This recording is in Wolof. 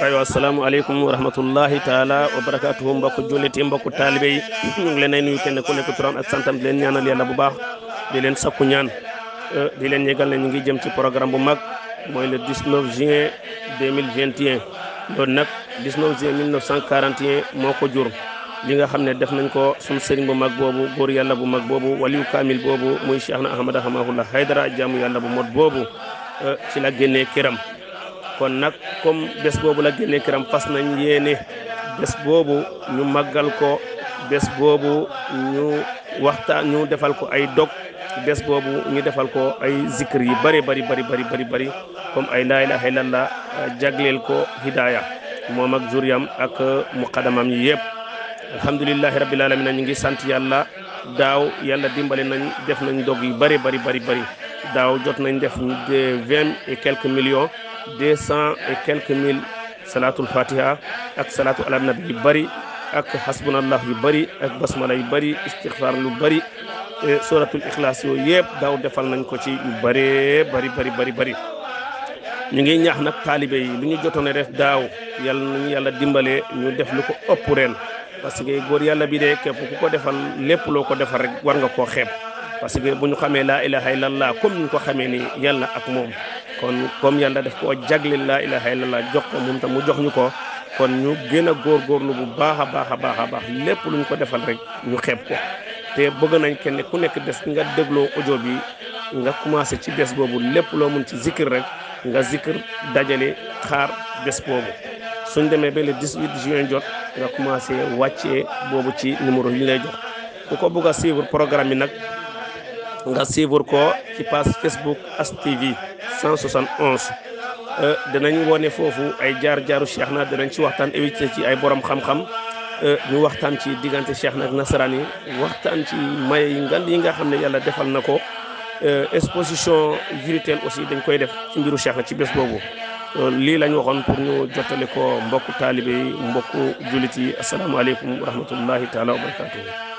waaye asalaamualeykum wa rahmatullahi taala wa barakaatuhu mbokk jullit yi mbokk taalibe yi ñu ngi leen ay nuyu kenn ku nekk turam ak santam di leen ñaanal yàlla bu baax di leen sakku ñaan eh, di leen yëgal ne ñu ngi jëm ci programme bu mag mooy le 19 juin 2021 loolu nag 19 juin 1941 moo ko jur li nga xam ne def nañ ko suñu sëriñ bu mag boobu góor yàlla bu mag boobu waliyu kaamil boobu muy Cheikh na Ahmad Ahmadou Haydara jaamu yàlla bu mot boobu eh, ci la génnee këram kon nag comme bés boobu la génnee këram fas nañ yéene bés boobu ñu màggal ko bes boobu ñu waxtaan ñu defal ko ay dog bés boobu ñu defal ko ay zikr yi bëri bari bari bëri bëri bëri comme ay laa ilaha illallah jagleel ko hidaaya moom ak juriyam ak muqadamam yi yëpp alhamdulilahi rabbil alamin ñu ngi sant yàlla daaw yàlla dimbali nañ def nañ dog yi bëri bari bari bëri daaw jot nañ def de vingt et quelques millions deux cent et mille salaatul fatiha ak salaatu ala nabi yu bari ak hasbunallah yu bari ak basmala yu bari istixfar lu bari e suratul ixlaas yooyu yëpp daaw defal nañ ko ci yu bari bari bari bari bëri ñu ngi ñax nag taalibe yi lu ñu jotoon a def daaw yal nañu yàlla dimbale ñu def lu ko ëpp ren parce que góor yàlla bi de képp ku ko defal lépp loo ko defal rek war nga koo xeeb parce que bu ñu xamee laa ilaha illallah comme ni ñu ko xamee ni yàlla ak moom kon comme yàlla def koo jagleel laa ilaha illallah jox ko moom tam mu jox ñu ko kon ñu gën a góorgóorlu bu baax a baax a baax a baax lépp lu ñu ko defal rek ñu xeeb ko te bëgg nañ kenn ku nekk des nga dégloo audio bi nga commencé ci bés boobu lépp loo mun ci zikir rek nga zikir dajale xaar bés boobu suñ demee ba le 18 juin jot nga commencé wàcce boobu ci numéro yi ñu lay jox ku ko programme bi nag nga suivre ko ci page Facebook ASTV 171 dinañ wone foofu ay jaar-jaaru Cheikh na danañ ci waxtaan évité ci ay borom xam-xam euh, ñu waxtaan ci diggante Cheikh na ak nasaraan yi waxtaan ci may yi ngan yi nga xam ne yàlla defal na ko euh, exposition virtuelle aussi dañ koy def ci mbiru Cheikh na ci bés boobu euh, lii lañ waxoon pour ñu jottali ko mbokk taalibe yi mbokku jullit yi asalaamaaleykum wa rahmatullahi taala wa barakatuhu